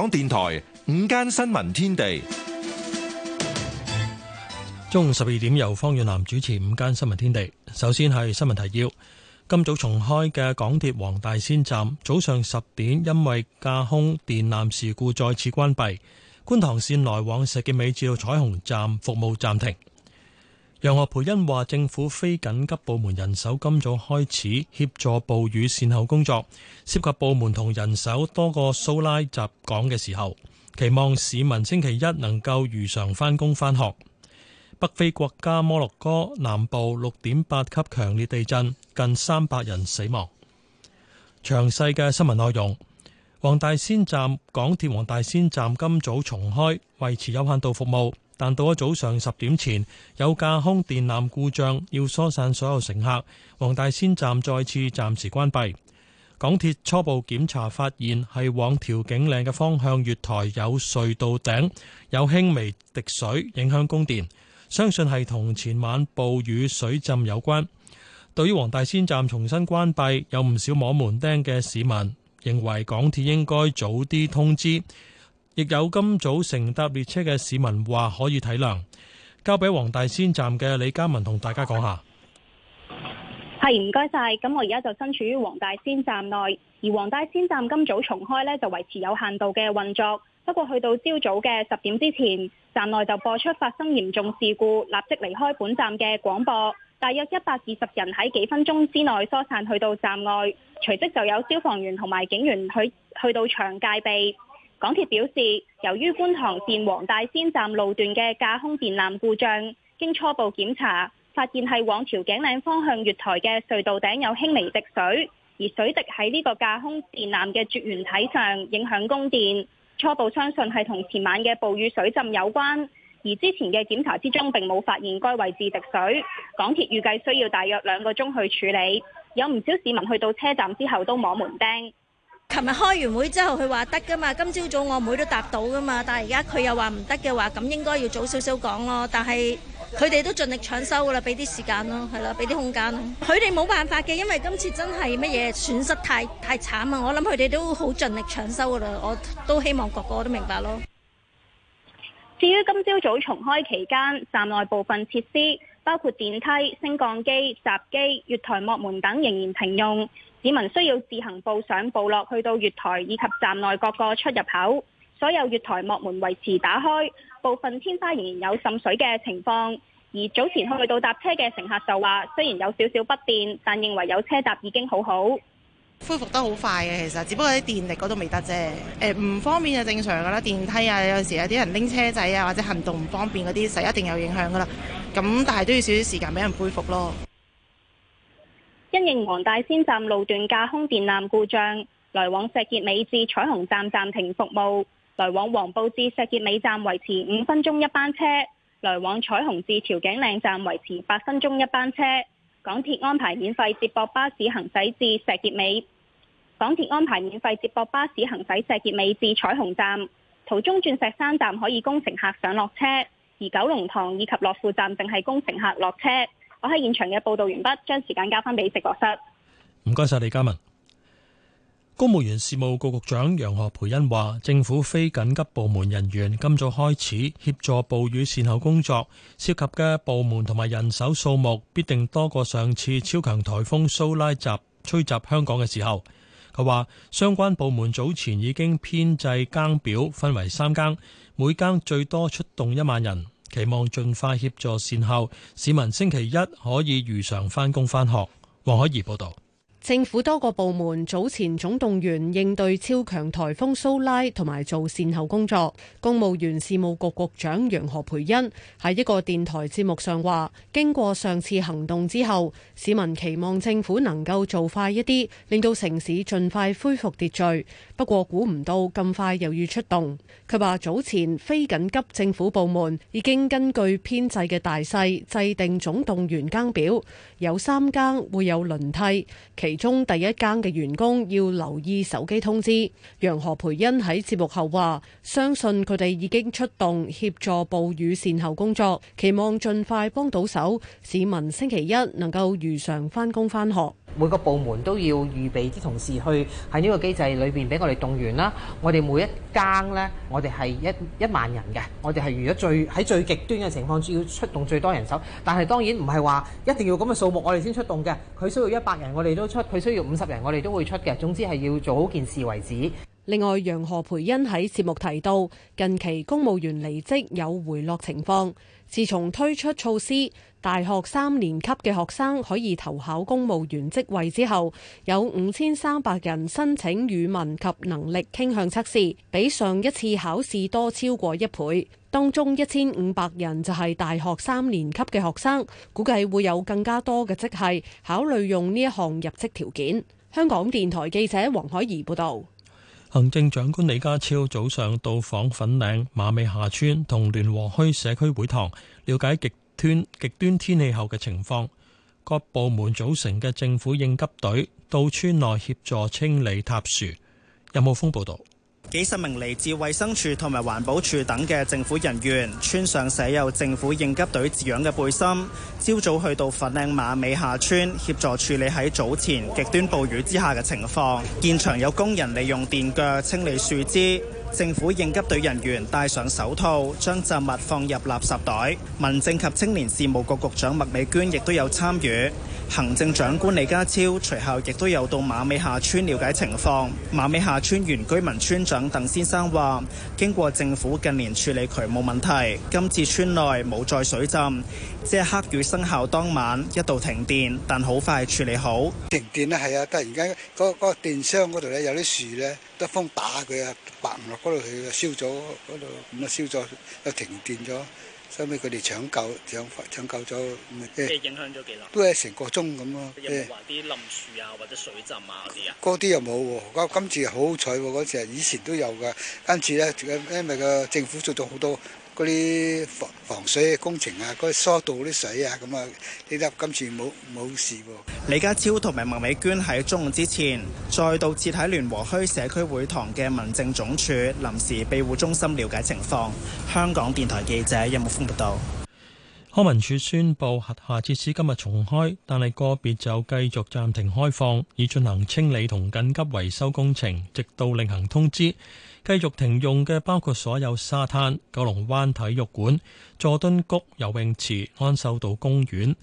港電台午間新聞天地，中午十二點，由方遠南主持午間新聞天地。首先係新聞提要，今早重開嘅港鐵黃大仙站，早上十點，因為架空電纜事故再次關閉，觀塘綫來往石硖尾至到彩虹站服務暫停。楊何蓓茵話：政府非緊急部門人手今早開始協助暴雨善後工作，涉及部門同人手多過蘇拉襲港嘅時候，期望市民星期一能夠如常返工返學。北非國家摩洛哥南部六點八級強烈地震，近三百人死亡。詳細嘅新聞內容，黃大仙站港鐵黃大仙站今早重開，維持有限度服務。但到咗早上十點前，有架空電纜故障，要疏散所有乘客。黃大仙站再次暫時關閉。港鐵初步檢查發現係往調景嶺嘅方向月台有隧道頂有輕微滴水，影響供電，相信係同前晚暴雨水浸有關。對於黃大仙站重新關閉，有唔少摸門釘嘅市民認為港鐵應該早啲通知。亦有今早乘搭列車嘅市民話可以體諒，交俾黃大仙站嘅李嘉文同大家講下。係唔該晒，咁我而家就身處於黃大仙站內，而黃大仙站今早重開咧，就維持有限度嘅運作。不過去到朝早嘅十點之前，站內就播出發生嚴重事故，立即離開本站嘅廣播。大約一百二十人喺幾分鐘之內疏散去到站外，隨即就有消防員同埋警員去去到場戒備。港鐵表示，由於觀塘線黃大仙站路段嘅架空電纜故障，經初步檢查，發現係往調景嶺方向月台嘅隧道頂有輕微滴水，而水滴喺呢個架空電纜嘅絕緣體上，影響供電。初步相信係同前晚嘅暴雨水浸有關，而之前嘅檢查之中並冇發現該位置滴水。港鐵預計需要大約兩個鐘去處理，有唔少市民去到車站之後都摸門釘。係咪開完會之後佢話得噶嘛？今朝早，早我妹都答到噶嘛？但係而家佢又話唔得嘅話，咁應該要早少少講咯。但係佢哋都盡力搶修噶啦，俾啲時間咯，係啦，俾啲空間。佢哋冇辦法嘅，因為今次真係乜嘢損失太太慘啊！我諗佢哋都好盡力搶修噶啦，我都希望個個都明白咯。至於今朝早，早重開期間，站內部分設施包括電梯、升降機、閘機、月台幕門等仍然停用。市民需要自行步上步落，去到月台以及站內各個出入口。所有月台幕門維持打開，部分天花仍然有滲水嘅情況。而早前去到搭車嘅乘客就話，雖然有少少不便，但認為有車搭已經好好。恢復得好快嘅，其實只不過喺電力嗰度未得啫。誒、呃，唔方便就正常噶啦，電梯啊，有時有啲人拎車仔啊，或者行動唔方便嗰啲，就一定有影響噶啦。咁但係都要少少時間俾人恢復咯。因應黃大仙站路段架空電纜故障，來往石硖尾至彩虹站暫停服務；來往黃埔至石硖尾站維持五分鐘一班車；來往彩虹至調景嶺站維持八分鐘一班車。港鐵安排免費接駁巴士行駛至石硖尾，港鐵安排免費接駁巴士行駛石硖尾至彩虹站，途中鑽石山站可以供乘客上落車，而九龍塘以及樂富站淨係供乘客落車。我喺現場嘅報道完畢，將時間交翻俾直播室。唔該晒李嘉文。公務員事務局局長楊何蓓茵話，政府非緊急部門人員今早開始協助暴雨善後工作，涉及嘅部門同埋人手數目必定多過上次超強颱風蘇拉襲吹襲香港嘅時候。佢話相關部門早前已經編制更表，分為三更，每更最多出動一萬人。期望盡快協助善後，市民星期一可以如常返工返學。黃海怡報導。政府多個部門早前總動員應對超強颱風蘇拉同埋做善後工作。公務員事務局局長楊何培恩喺一個電台節目上話，經過上次行動之後，市民期望政府能夠做快一啲，令到城市盡快恢復秩序。不過估唔到咁快又要出動。佢話早前非緊急政府部門已經根據編制嘅大細制定總動員更表，有三更會有輪替，其中第一更嘅員工要留意手機通知。楊何培恩喺節目後話：相信佢哋已經出動協助暴雨善後工作，期望盡快幫到手，市民星期一能夠如常返工返學。每個部門都要預備啲同事去喺呢個機制裏邊俾我哋動員啦。我哋每一間呢，我哋係一一萬人嘅。我哋係如果最喺最極端嘅情況，要出動最多人手。但係當然唔係話一定要咁嘅數目，我哋先出動嘅。佢需要一百人，我哋都出；佢需要五十人，我哋都會出嘅。總之係要做好件事為止。另外，楊何培恩喺節目提到，近期公務員離職有回落情況。自從推出措施，大學三年級嘅學生可以投考公務員職位之後，有五千三百人申請語文及能力傾向測試，比上一次考試多超過一倍。當中一千五百人就係大學三年級嘅學生，估計會有更加多嘅職系考慮用呢一項入職條件。香港電台記者黃海怡報道。行政長官李家超早上到訪粉嶺馬尾下村同聯和墟社區會堂，了解極端極端天氣後嘅情況。各部門組成嘅政府應急隊到村內協助清理塌樹。任浩峰報道。幾十名嚟自衛生署同埋環保署等嘅政府人員，穿上寫有政府應急隊字樣嘅背心，朝早去到粉嶺馬尾下村協助處理喺早前極端暴雨之下嘅情況。現場有工人利用電鋸清理樹枝，政府應急隊人員戴上手套將雜物放入垃圾袋。民政及青年事務局局,局長麥美娟亦都有參與。行政長官李家超隨後亦都有到馬尾下村了解情況。馬尾下村原居民村長鄧先生話，經過政府近年處理渠務問題，今次村內冇再水浸。即係黑雨生效當晚一度停電，但好快處理好。停電咧係啊，突然間嗰嗰、那個、電箱嗰度咧有啲樹咧得風打佢啊，白唔落嗰度佢燒咗嗰度，咁啊燒咗又停電咗。後屘佢哋搶救搶發搶救咗，即、哎、係影響咗幾耐？都係成個鐘咁咯。有冇話啲冧樹啊，或者水浸啊嗰啲啊？嗰啲又冇喎，今次好彩喎，嗰時以前都有㗎，今次咧因為個政府做咗好多。嗰啲防防水工程啊，嗰啲疏導啲水啊，咁啊，呢粒今次冇冇事喎。李家超同埋孟美娟喺中午之前再度設喺聯和墟社區會堂嘅民政總署臨時庇護中心了解情況。香港電台記者任木峰報道。康文署宣布轄下設施今日重開，但係個別就繼續暫停開放，以進行清理同緊急維修工程，直到另行通知。繼續停用嘅包括所有沙灘、九龍灣體育館、佐敦谷游泳池、安秀道公園、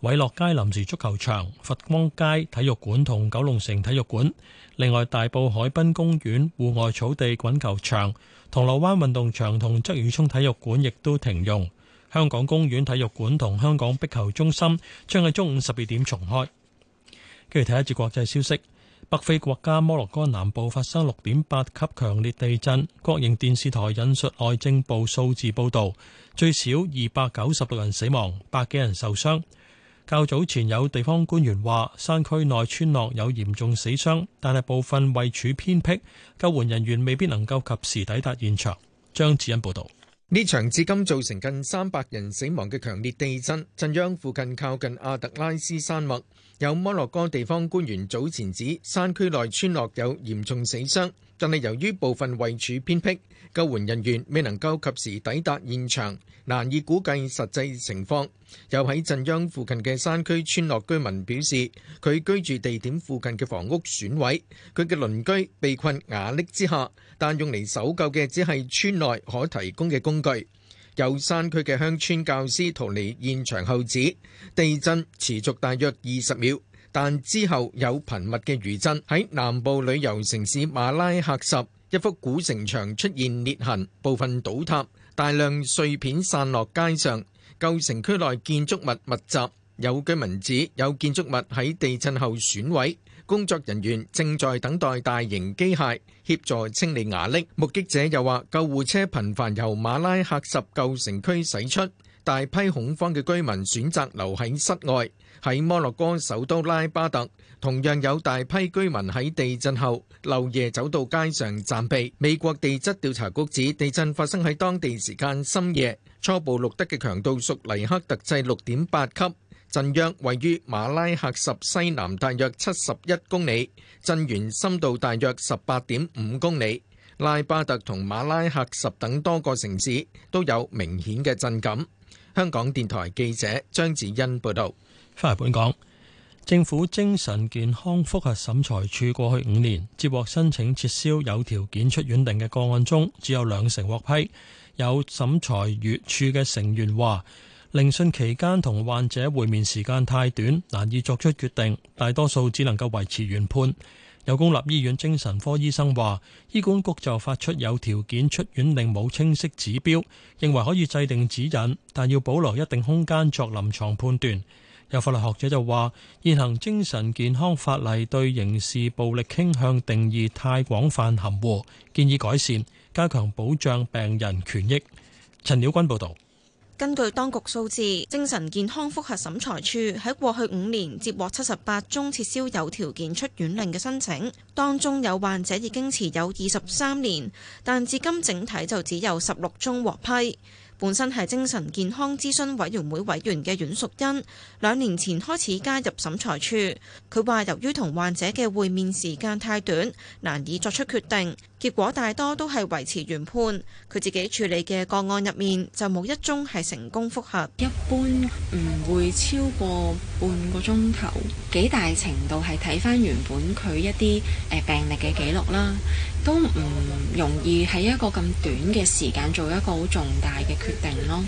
偉樂街臨時足球場、佛光街體育館同九龍城體育館。另外，大埔海濱公園戶外草地滾球場、銅鑼灣運動場同鰂魚涌體育館亦都停用。香港公園體育館同香港壁球中心將喺中午十二點重開。跟住睇一節國際消息。北非國家摩洛哥南部發生六點八級強烈地震，國營電視台引述內政部數字報道，最少二百九十六人死亡，百幾人受傷。較早前有地方官員話，山區內村落有嚴重死傷，但係部分位處偏僻，救援人員未必能夠及時抵達現場。張子欣報道。呢場至今造成近三百人死亡嘅強烈地震，震央附近靠近阿特拉斯山脈。有摩洛哥地方官員早前指，山區內村落有嚴重死傷。但係由於部分位處偏僻，救援人員未能夠及時抵達現場，難以估計實際情況。又喺震央附近嘅山區村落居民表示，佢居住地點附近嘅房屋損毀，佢嘅鄰居被困瓦礫之下，但用嚟搜救嘅只係村內可提供嘅工具。由山區嘅鄉村教師逃離現場後指，地震持續大約二十秒。但之後有頻密嘅餘震，喺南部旅遊城市馬拉喀什一幅古城牆出現裂痕，部分倒塌，大量碎片散落街上。舊城區內建築物密集，有居民指有建築物喺地震後損毀。工作人員正在等待大型機械協助清理瓦礫。目擊者又話，救護車頻繁由馬拉喀什舊城區駛出。大批恐慌嘅居民選擇留喺室外。喺摩洛哥首都拉巴特，同樣有大批居民喺地震後漏夜走到街上暫避。美國地質調查局指，地震發生喺當地時間深夜，初步錄得嘅強度屬黎克特制六點八級，震央位於馬拉喀什西南大約七十一公里，震源深度大約十八點五公里。拉巴特同馬拉喀什等多個城市都有明顯嘅震感。香港電台記者張子欣報道：翻嚟本港，政府精神健康覆核審裁處過去五年接獲申請撤銷有條件出院令嘅個案中，只有兩成獲批。有審裁員處嘅成員話，聆訊期間同患者會面時間太短，難以作出決定，大多數只能夠維持原判。有公立醫院精神科醫生話，醫管局就發出有條件出院令，冇清晰指標，認為可以制定指引，但要保留一定空間作臨床判斷。有法律學者就話，現行精神健康法例對刑事暴力傾向定義太廣泛含糊，建議改善，加強保障病人權益。陳曉君報道。根據當局數字，精神健康復核審裁處喺過去五年接獲七十八宗撤銷有條件出院令嘅申請，當中有患者已經持有二十三年，但至今整體就只有十六宗獲批。本身係精神健康諮詢委員會委員嘅阮淑欣，兩年前開始加入審裁處，佢話由於同患者嘅會面時間太短，難以作出決定。結果大多都係維持原判。佢自己處理嘅個案入面，就冇一宗係成功覆核。一般唔會超過半個鐘頭，幾大程度係睇返原本佢一啲誒病歷嘅記錄啦，都唔容易喺一個咁短嘅時間做一個好重大嘅決定咯。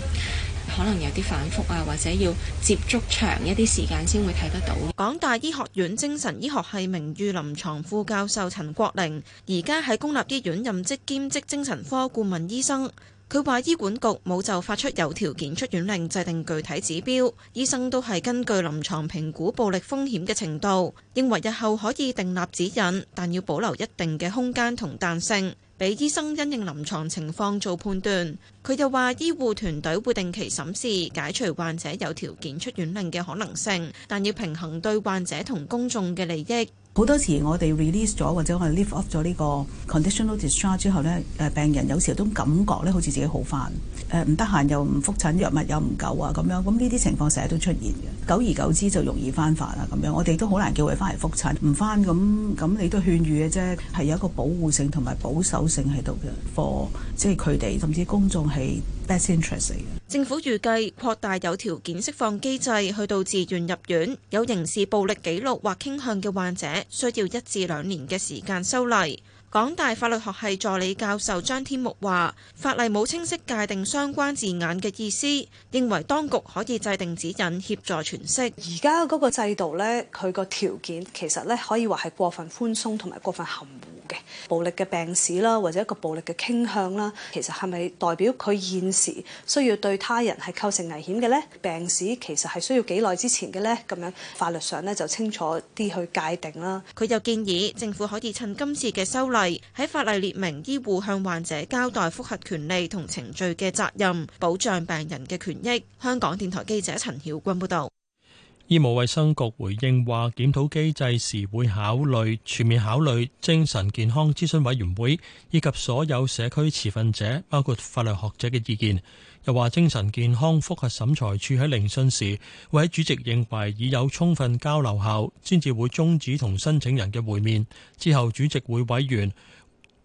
可能有啲反覆啊或者要接觸長一啲時間先會睇得到。港大醫學院精神醫學系名譽臨床副教授陳國玲，而家喺公立醫院任職兼職精神科顧問醫生。佢話醫管局冇就發出有條件出院令，制定具體指標，醫生都係根據臨床評估暴力風險嘅程度。認為日後可以訂立指引，但要保留一定嘅空間同彈性，俾醫生因應臨床情況做判斷。佢又話醫護團隊會定期審視解除患者有條件出院令嘅可能性，但要平衡對患者同公眾嘅利益。好多時，我哋 release 咗或者我哋 lift off 咗呢個 conditional discharge 之後咧，誒病人有時候都感覺咧，好似自己好翻誒，唔得閒又唔復診，藥物又唔夠啊，咁樣咁呢啲情況成日都出現嘅。久而久之就容易翻發啊，咁樣我哋都好難叫佢翻嚟復診。唔翻咁咁，你都勸喻嘅啫，係有一個保護性同埋保守性喺度嘅，for 即係佢哋甚至公眾係 best interest 嘅。政府預計擴大有條件釋放機制，去到自願入院有刑事暴力記錄或傾向嘅患者。需要一至兩年嘅時間修例。港大法律學系助理教授張天木話：法例冇清晰界定相關字眼嘅意思，認為當局可以制定指引協助詮釋。而家嗰個制度呢，佢個條件其實呢可以話係過分寬鬆同埋過分含糊。暴力嘅病史啦，或者一個暴力嘅傾向啦，其實係咪代表佢現時需要對他人係構成危險嘅咧？病史其實係需要幾耐之前嘅咧？咁樣法律上咧就清楚啲去界定啦。佢又建議政府可以趁今次嘅修例喺法例列明醫護向患者交代覆核權利同程序嘅責任，保障病人嘅權益。香港電台記者陳曉君報道。醫務衛生局回應話，檢討機制時會考慮全面考慮精神健康諮詢委員會以及所有社區持份者，包括法律學者嘅意見。又話精神健康覆核審裁處喺聆訊時，會喺主席認為已有充分交流後，先至會終止同申請人嘅會面。之後主席會委員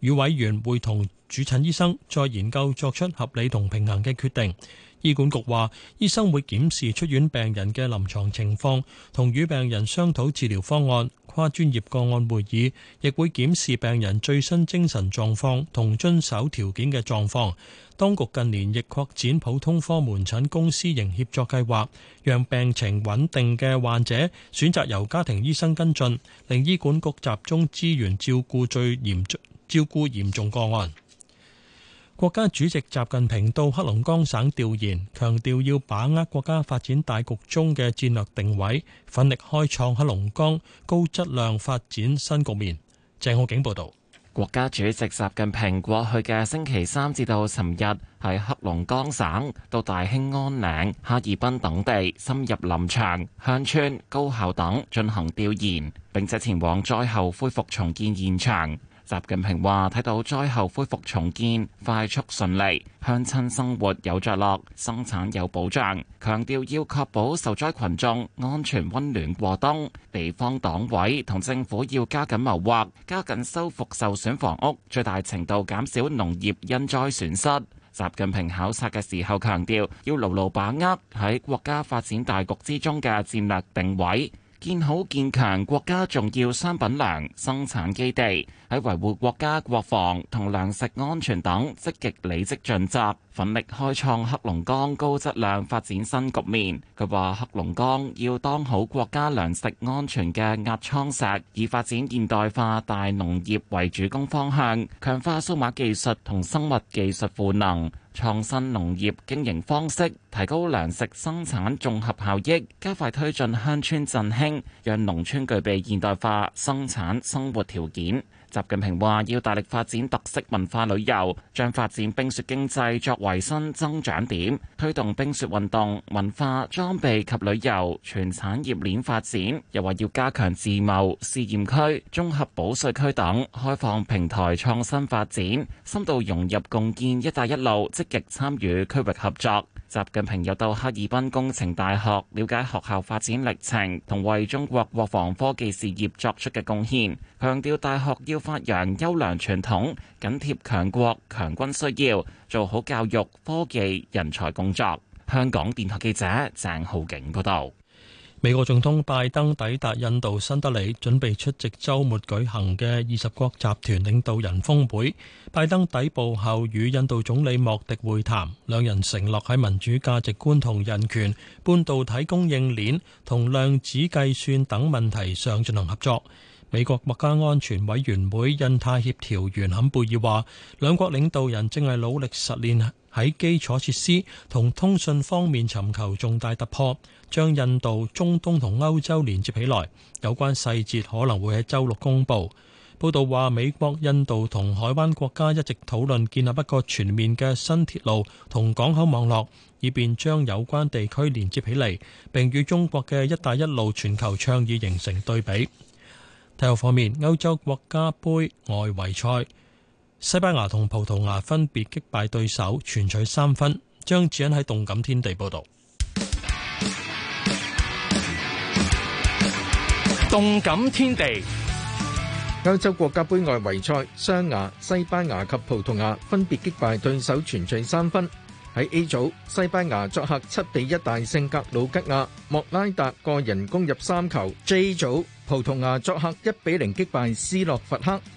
與委員會同主診醫生再研究作出合理同平衡嘅決定。醫管局話，醫生會檢視出院病人嘅臨牀情況，同與病人商討治療方案。跨專業個案會議亦會檢視病人最新精神狀況同遵守條件嘅狀況。當局近年亦擴展普通科門診公私營協作計劃，讓病情穩定嘅患者選擇由家庭醫生跟進，令醫管局集中資源照顧最嚴重照顧嚴重個案。國家主席習近平到黑龍江省調研，強調要把握國家發展大局中嘅戰略定位，奮力開創黑龍江高質量發展新局面。鄭浩景報道：國家主席習近平過去嘅星期三至到尋日喺黑龍江省到大興安嶺、哈爾濱等地深入林場、鄉村、高校等進行調研，並且前往災後恢復重建現，現場。習近平話：睇到災後恢復重建快速順利，鄉親生活有着落，生產有保障，強調要確保受災群眾安全溫暖過冬。地方黨委同政府要加緊謀劃，加緊修復受損房屋，最大程度減少農業因災損失。習近平考察嘅時候強調，要牢牢把握喺國家發展大局之中嘅戰略定位。建好、建強國家重要商品糧生產基地，喺維護國家國防同糧食安全等積極履職盡責，奮力開創黑龍江高質量發展新局面。佢話：黑龍江要當好國家糧食安全嘅壓艙石，以發展現代化大農業為主攻方向，強化數碼技術同生物技術賦能。創新農業經營方式，提高糧食生產綜合效益，加快推進鄉村振興，讓農村具備現代化生產生活條件。習近平話要大力發展特色文化旅遊，將發展冰雪經濟作為新增長點，推動冰雪運動、文化、裝備及旅遊全產業鏈發展。又話要加強自貿試驗區、綜合保稅區等開放平台創新發展，深度融入共建“一帶一路”，積極參與區域合作。習近平又到哈爾濱工程大學了解學校發展歷程同為中國國防科技事業作出嘅貢獻，強調大學要發揚優良傳統，緊貼強國強軍需要，做好教育科技人才工作。香港電台記者鄭浩景報道。美國總統拜登抵達印度新德里，準備出席周末舉行嘅二十國集團領導人峰會。拜登抵步後與印度總理莫迪會談，兩人承諾喺民主價值觀同人權、半導體供應鏈同量子計算等問題上進行合作。美國國家安全委員會印太協調員坎貝爾話，兩國領導人正係努力實踐喺基礎設施同通訊方面尋求重大突破，將印度、中東同歐洲連接起來。有關細節可能會喺週六公布。報道話，美國、印度同海灣國家一直討論建立一個全面嘅新鐵路同港口網絡，以便將有關地區連接起嚟，並與中國嘅「一帶一路」全球倡議形成對比。體育方面，歐洲國家杯外圍賽。西班牙同葡萄牙分別擊敗對手，全取三分。張志恩喺動感天地報道。動感天地，歐洲國家杯外圍賽，雙牙、西班牙及葡萄牙分別擊敗對手，全取三分。喺 A 組，西班牙作客七比一大勝格魯吉亞，莫拉達個人攻入三球。J 組，葡萄牙作客一比零擊敗斯洛伐克。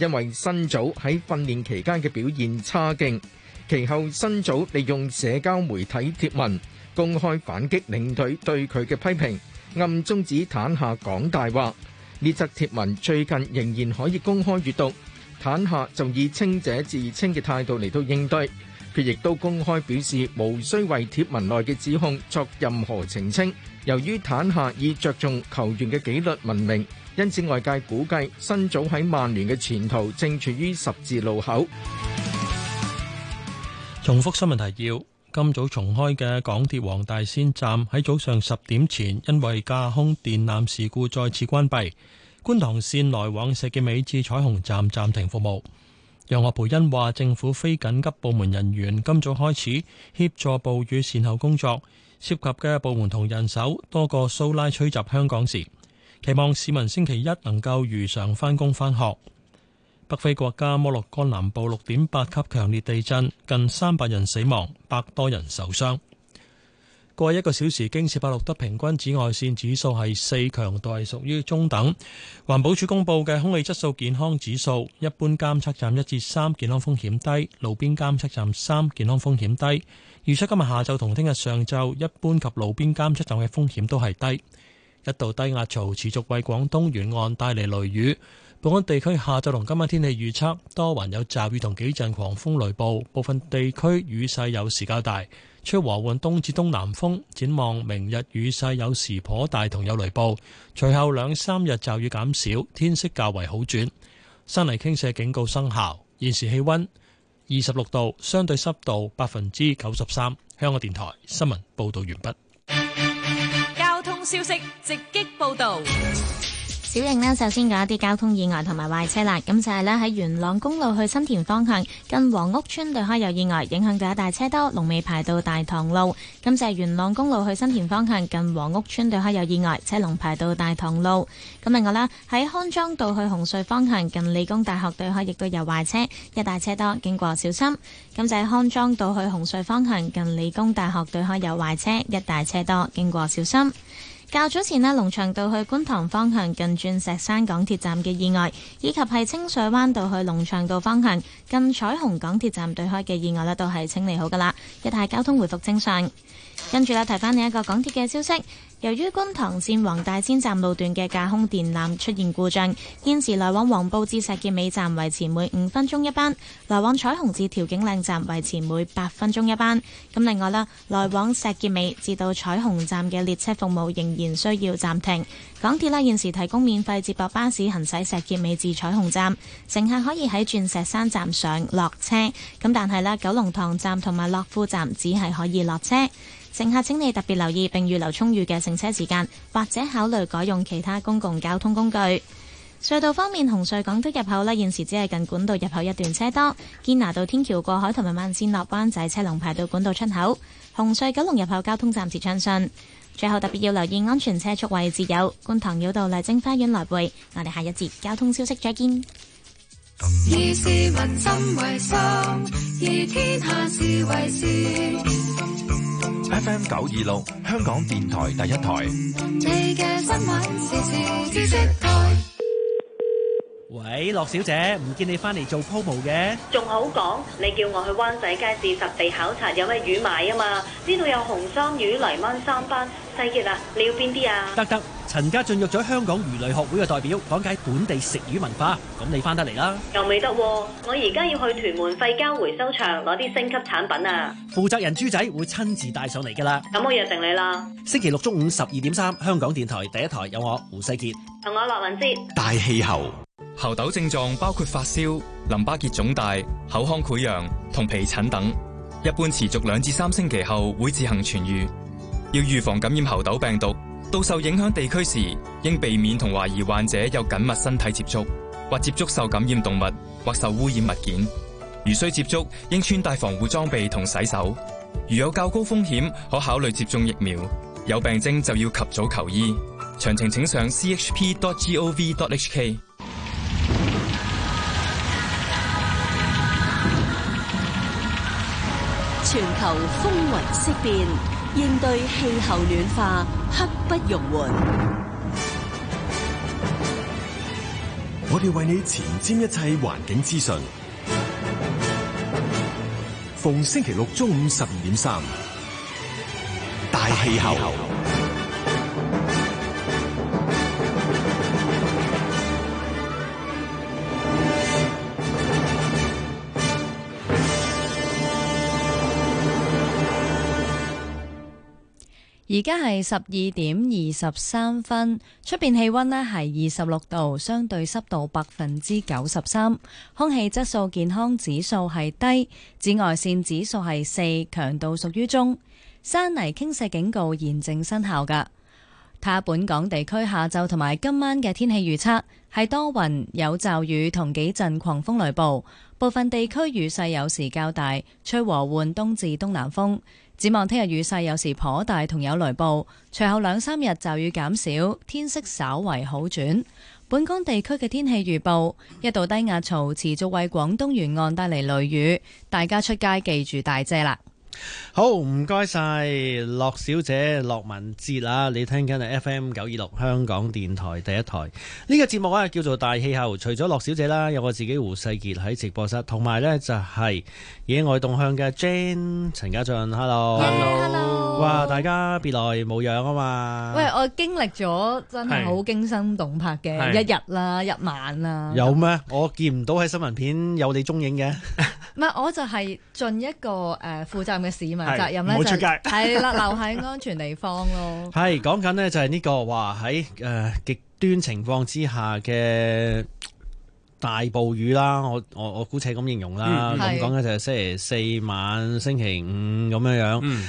因為新組喺訓練期間嘅表現差勁，其後新組利用社交媒體貼文公開反擊領隊對佢嘅批評，暗中指坦下講大話。呢則貼文最近仍然可以公開閱讀，坦下就以清者自清嘅態度嚟到應對，佢亦都公開表示無需為貼文內嘅指控作任何澄清。由於坦下以著重球員嘅紀律聞名。因此，外界估計新組喺曼聯嘅前途正處於十字路口。重複新聞提要：今早重開嘅港鐵黃大仙站喺早上十點前，因為架空電纜事故再次關閉，觀塘線來往石硤尾至彩虹站暫停服務。楊岳培恩話：政府非緊急部門人員今早開始協助暴雨善後工作，涉及嘅部門同人手多過蘇拉吹襲香港時。期望市民星期一能夠如常返工返學。北非國家摩洛哥南部六點八級強烈地震，近三百人死亡，百多人受傷。過一個小時，京士柏錄得平均紫外線指數係四，強度係屬於中等。環保署公布嘅空氣質素健康指數，一般監測站一至三，健康風險低，路邊監測站三，健康風險低。預測今日下晝同聽日上晝，一般及路邊監測站嘅風險都係低。一道低壓槽持續為廣東沿岸帶嚟雷雨，本港地區下晝同今晚天氣預測多雲有驟雨同幾陣狂風雷暴，部分地區雨勢有時較大。吹和緩東至東南風，展望明日雨勢有時頗大同有雷暴，隨後兩三日驟雨減少，天色較為好轉。山泥傾瀉警告生效，現時氣溫二十六度，相對濕度百分之九十三。香港電台新聞報道完畢。消息直擊報道。小瑩呢，首先講一啲交通意外同埋壞車啦。咁就係呢，喺元朗公路去新田方向近黃屋村對開有意外，影響到一大車多，龍尾排到大棠路。咁就係元朗公路去新田方向近黃屋村對開有意外，車龍排到大棠路。咁另外啦，喺康莊道去紅隧方向近理工大學對開亦都有壞車，一大車多，經過小心。咁就係康莊道去紅隧方向近理工大學對開有壞車，一大車多，經過小心。較早前咧，龍翔道去觀塘方向近鑽石山港鐵站嘅意外，以及係清水灣道去龍翔道方向近彩虹港鐵站對開嘅意外咧，都係清理好噶啦，一帶交通回復正常。跟住咧，提翻另一個港鐵嘅消息。由於觀塘線黃大仙站路段嘅架空電纜出現故障，現時來往黃埔至石硤尾站維持每五分鐘一班，來往彩虹至調景嶺站維持每八分鐘一班。咁另外咧，來往石硤尾至到彩虹站嘅列車服務仍然需要暫停。港鐵呢現時提供免費接駁巴士行駛石硤尾至彩虹站，乘客可以喺鑽石山站上落車。咁但係咧，九龍塘站同埋樂富站只係可以落車。乘客請你特別留意並預留充裕嘅乘車時間，或者考慮改用其他公共交通工具。隧道方面，紅隧港島入口呢，現時只係近管道入口一段車多，堅拿道天橋過海同埋慢線落灣仔車龍排到管道出口。紅隧九龍入口交通暫時暢順。最後特別要留意安全車速位置有觀塘繞道麗晶花園來回。我哋下一節交通消息再見。以市民心為心，以天下事為事。FM 九二六，香港電台第一台。你嘅新聞時事知識台。喂，駱小姐，唔見你翻嚟做 p o 嘅？仲好講，你叫我去灣仔街市實地考察，有咩魚買啊嘛？呢度有紅衫魚、泥鯭三班、西結啦，你要邊啲啊？得得。陳家俊約咗香港魚類學會嘅代表講解本地食魚文化，咁你翻得嚟啦？又未得、啊，我而家要去屯門廢膠回收場攞啲升級產品啊！負責人豬仔會親自帶上嚟噶啦，咁我約定你啦。星期六中午十二點三，香港電台第一台，第一台有我胡世杰同我落雲接。大氣候，猴痘症狀包括發燒、淋巴結腫大、口腔潰瘍同皮疹等，一般持續兩至三星期後會自行痊癒。要預防感染猴痘病毒，到受影響地區時，應避免同懷疑患者有緊密身體接觸，或接觸受感染動物或受污染物件。如需接觸，應穿戴防護裝備同洗手。如有較高風險，可考慮接種疫苗。有病徵就要及早求醫。詳情請上 chp.gov.hk。全球風雲色變。應對氣候暖化，刻不容緩。我哋為你前瞻一切環境資訊，逢星期六中午十二點三，大氣候。而家係十二點二十三分，出邊氣溫呢係二十六度，相對濕度百分之九十三，空氣質素健康指數係低，紫外線指數係四，強度屬於中，山泥傾瀉警告現正生效噶。睇下本港地區下晝同埋今晚嘅天氣預測，係多雲有驟雨同幾陣狂風雷暴，部分地區雨勢有時較大，吹和緩東至東南風。展望聽日雨勢有時頗大，同有雷暴。隨後兩三日驟雨減少，天色稍為好轉。本港地區嘅天氣預報：一道低壓槽持續為廣東沿岸帶嚟雷雨，大家出街記住帶遮啦。好，唔該晒，樂小姐樂文哲啦，你聽緊係 FM 九二六香港電台第一台呢、這個節目啊，叫做大氣候。除咗樂小姐啦，有我自己胡世杰喺直播室，同埋呢就係、是、野外動向嘅 Jane 陳家俊，hello，hello，Yeah , hello, 哇，大家別來無恙啊嘛。喂，我經歷咗真係好驚心動魄嘅是是一日啦，一晚啦。是有咩？我見唔到喺新聞片有你蹤影嘅。 唔係，我就係盡一個誒、呃、負責任嘅市民責任咧，冇出街，係啦，留喺安全地方咯。係講緊咧，就係呢個話喺誒極端情況之下嘅大暴雨啦。我我我姑且咁形容啦，咁講緊就係星期四晚、星期五咁樣樣。嗯